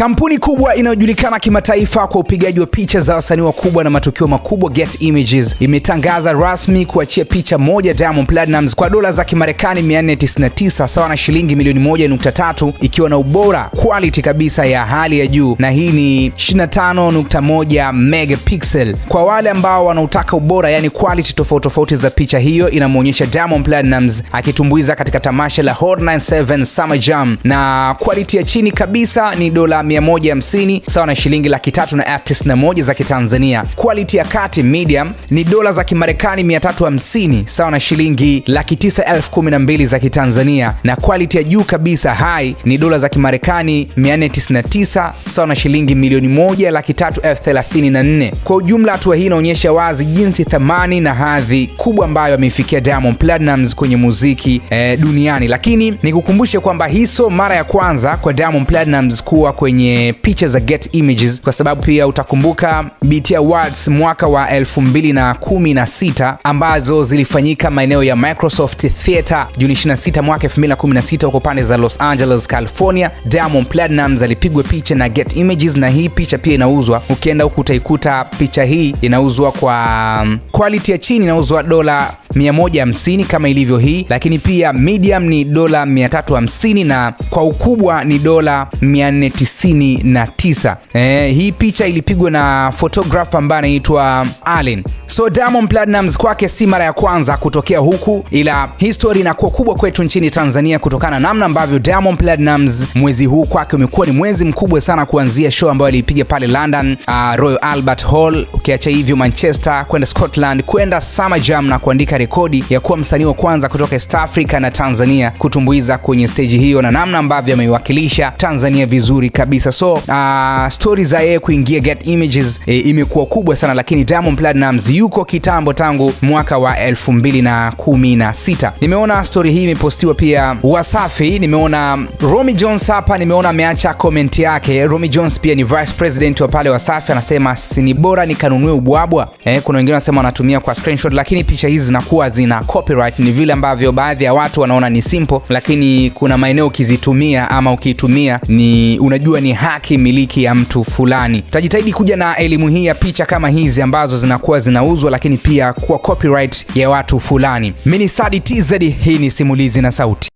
Kampuni kubwa inayojulikana kimataifa kwa upigaji wa picha za wasanii wakubwa na matukio makubwa Getty Images imetangaza rasmi kuachia picha moja Diamond Platnumz kwa dola za Kimarekani 499 sawa na shilingi milioni 1.3 ikiwa na ubora quality kabisa ya hali ya juu, na hii ni 25.1 megapixel. Kwa wale ambao wanautaka ubora, yani quality tofauti tofauti za picha hiyo, inamwonyesha Diamond Platnumz akitumbuiza katika tamasha la Hot 97 Summer Jam, na quality ya chini kabisa ni dola 150 sawa na shilingi laki tatu na elfu tisini na moja za Kitanzania. Quality ya kati medium ni dola za Kimarekani 350 sawa na shilingi laki tisa elfu kumi na mbili za Kitanzania, na quality ya juu kabisa hai ni dola za Kimarekani 499 sawa na shilingi milioni moja laki tatu elfu thelathini na nne. Kwa ujumla, hatua hii inaonyesha wazi jinsi thamani na hadhi kubwa ambayo ameifikia Diamond Platnumz kwenye muziki eh, duniani. Lakini nikukumbushe kwamba hii sio mara ya kwanza kwa Diamond Platnumz kuwa kwenye kwenye picha za Get Images, kwa sababu pia utakumbuka BT Awards mwaka wa 2016 ambazo zilifanyika maeneo ya Microsoft Theater Juni 26 mwaka 2016 huko pande za Los Angeles, California. Diamond Platnumz alipigwa picha na Get Images, na hii picha pia inauzwa, ukienda huku utaikuta picha hii inauzwa kwa um, quality ya chini, inauzwa dola 150 kama ilivyo hii, lakini pia medium ni dola 350 na kwa ukubwa ni dola 499. Eh, hii picha ilipigwa na photographer ambaye anaitwa Allen So Diamond Platnumz kwake si mara ya kwanza kutokea huku, ila history inakuwa kubwa kwetu nchini Tanzania kutokana na namna ambavyo Diamond Platnumz mwezi huu kwake umekuwa ni mwezi mkubwa sana, kuanzia show ambayo alipiga pale London, uh, Royal Albert Hall, ukiacha hivyo Manchester, kwenda Scotland, kwenda Summer Jam na kuandika rekodi ya kuwa msanii wa kwanza kutoka East Africa na Tanzania kutumbuiza kwenye stage hiyo na namna ambavyo ameiwakilisha Tanzania vizuri kabisa. So uh, story za yeye kuingia Get Images e, imekuwa kubwa sana, lakini Diamond Platnumz yu huko kitambo, tangu mwaka wa 216 Nimeona stori hii imepostiwa pia Wasafi. Nimeona Romy Jones hapa, nimeona ameacha comment yake. Romy Jones pia ni vice president wa pale Wasafi, anasema sini bora nikanunue ubwabwa. Eh, kuna wengine wanasema wanatumia kwa screenshot, lakini picha hizi zinakuwa zina copyright. Ni vile ambavyo baadhi ya watu wanaona ni simple, lakini kuna maeneo ukizitumia ama ukiitumia ni unajua ni haki miliki ya mtu fulani. Tutajitahidi kuja na elimu hii ya picha kama hizi ambazo zinakuwa zinauzwa kuuzwa, lakini pia kuwa copyright ya watu fulani. Mimi ni Sadi TZ, hii ni simulizi na sauti.